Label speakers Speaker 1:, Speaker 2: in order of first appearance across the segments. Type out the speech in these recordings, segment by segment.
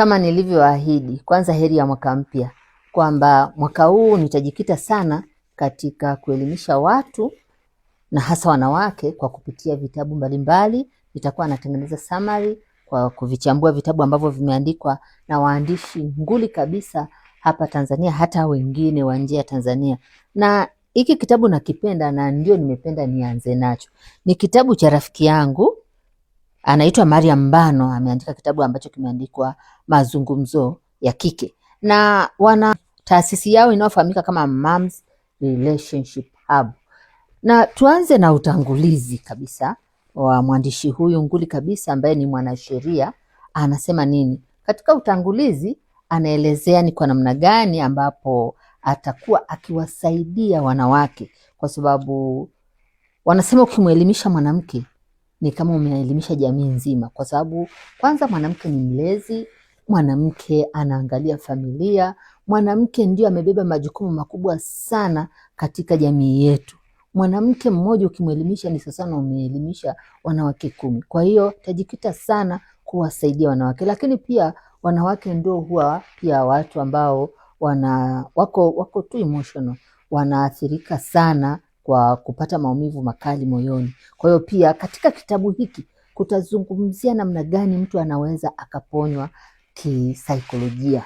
Speaker 1: Kama nilivyoahidi, kwanza heri ya mwaka mpya, kwamba mwaka huu nitajikita sana katika kuelimisha watu na hasa wanawake kwa kupitia vitabu mbalimbali. Nitakuwa natengeneza summary kwa kuvichambua vitabu ambavyo vimeandikwa na waandishi nguli kabisa hapa Tanzania, hata wengine wa nje ya Tanzania. Na hiki kitabu nakipenda na ndio nimependa nianze nacho. Ni kitabu cha rafiki yangu anaitwa Mariam Mbano ameandika kitabu ambacho kimeandikwa mazungumzo ya kike, na wana taasisi yao inayofahamika kama Moms Relationship Hub. Na tuanze na utangulizi kabisa wa mwandishi huyu nguli kabisa, ambaye ni mwanasheria. Anasema nini katika utangulizi? Anaelezea ni kwa namna gani ambapo atakuwa akiwasaidia wanawake, kwa sababu wanasema ukimwelimisha mwanamke ni kama umeelimisha jamii nzima, kwa sababu kwanza mwanamke ni mlezi, mwanamke anaangalia familia, mwanamke ndio amebeba majukumu makubwa sana katika jamii yetu. Mwanamke mmoja ukimwelimisha ni sasana umeelimisha wanawake kumi. Kwa hiyo tajikita sana kuwasaidia wanawake, lakini pia wanawake ndio huwa pia watu ambao wana wako wako tu emotional, wanaathirika sana kwa kupata maumivu makali moyoni. Kwa hiyo pia katika kitabu hiki kutazungumzia namna gani mtu anaweza akaponywa kisaikolojia,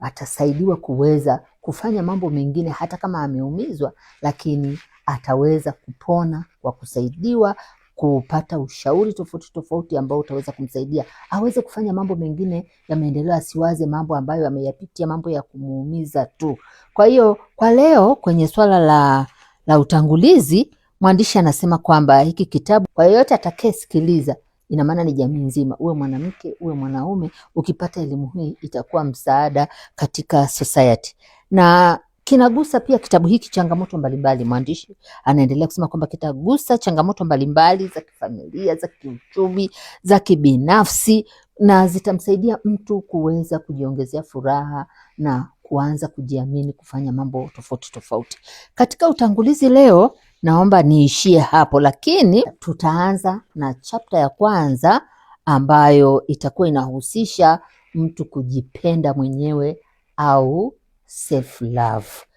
Speaker 1: atasaidiwa kuweza kufanya mambo mengine hata kama ameumizwa, lakini ataweza kupona kwa kusaidiwa kupata ushauri tofauti tofauti ambao utaweza kumsaidia aweze kufanya mambo mengine ya maendeleo, asiwaze mambo ambayo ameyapitia, mambo ya kumuumiza tu. Kwa hiyo kwa leo kwenye swala la la utangulizi, mwandishi anasema kwamba hiki kitabu kwa yeyote atakayesikiliza, ina maana ni jamii nzima, uwe mwanamke uwe mwanaume, ukipata elimu hii itakuwa msaada katika society na kinagusa pia kitabu hiki changamoto mbalimbali. Mwandishi anaendelea kusema kwamba kitagusa changamoto mbalimbali za kifamilia, za kiuchumi, za kibinafsi na zitamsaidia mtu kuweza kujiongezea furaha na kuanza kujiamini kufanya mambo tofauti tofauti. Katika utangulizi leo naomba niishie hapo, lakini tutaanza na chapta ya kwanza ambayo itakuwa inahusisha mtu kujipenda mwenyewe au self love.